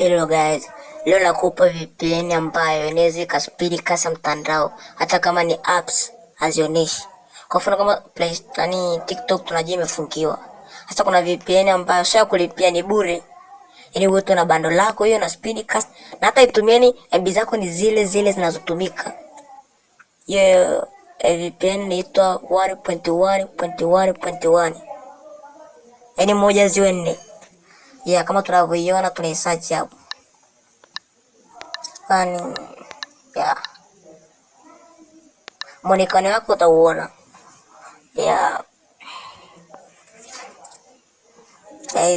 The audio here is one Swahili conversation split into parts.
Hello guys, leo nakupa VPN ambayo inaweza ikaspidi kasa mtandao hata kama ni apps hazionyeshi. Kwa mfano kama Play Store TikTok tunajua imefungiwa. Sasa kuna VPN ambayo sio kulipia ni bure. Yaani wewe tu na bando lako hiyo na speed cast na hata itumieni MB zako ni zile zile zinazotumika. Hiyo yeah, VPN inaitwa 1.1.1.1. Yaani moja ziwe nne yeah, kama tunavyoiona tuna search hapo yani, yeah. Mwonekano wake utauona yeah. Yo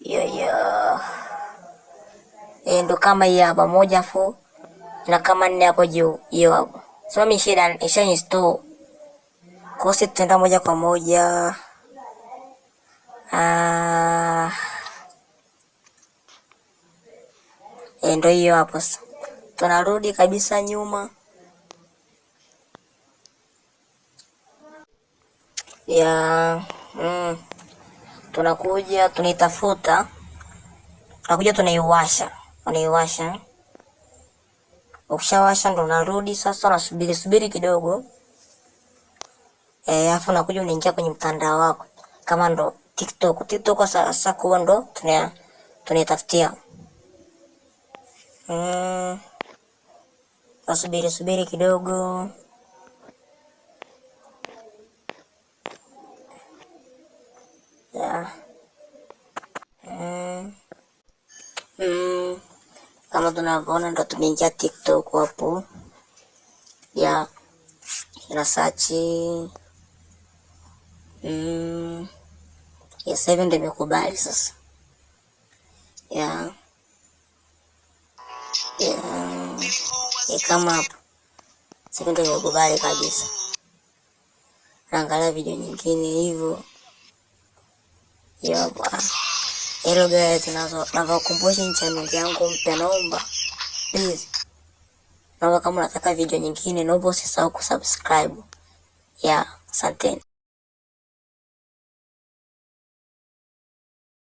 yo. yoyo eh, ndo kama hii hapa moja fu na kama nne hapo juu, hiyo hapo. So mimi shida nisha install kosi, tutaenda moja kwa moja Ah. Eh, ndio hiyo hapo, tunarudi kabisa nyuma ya mm, tunakuja tunaitafuta, tunakuja tunaiwasha, unaiwasha. Ukishawasha ndo unarudi sasa, unasubiri subiri kidogo, eh, alafu afu unakuja unaingia kwenye mtandao wako kama ndo TikTok TikTok asa asa kuwando tunia tunia taftia hmm asubiri subiri kidogo ya hmm. Hmm. kama tunavyoona ndo tumeingia TikTok apa? ya ina hmm. ya sasa hivi ndio imekubali sasa ya ya kama hapo sasa hivi ndio imekubali kabisa. Naangalia video nyingine hivyo ya bwana. Hello guys, nazo nawakumbusha channel yangu mpya, naomba please, naomba kama unataka video nyingine, naomba usisahau kusubscribe. Ya, asanteni.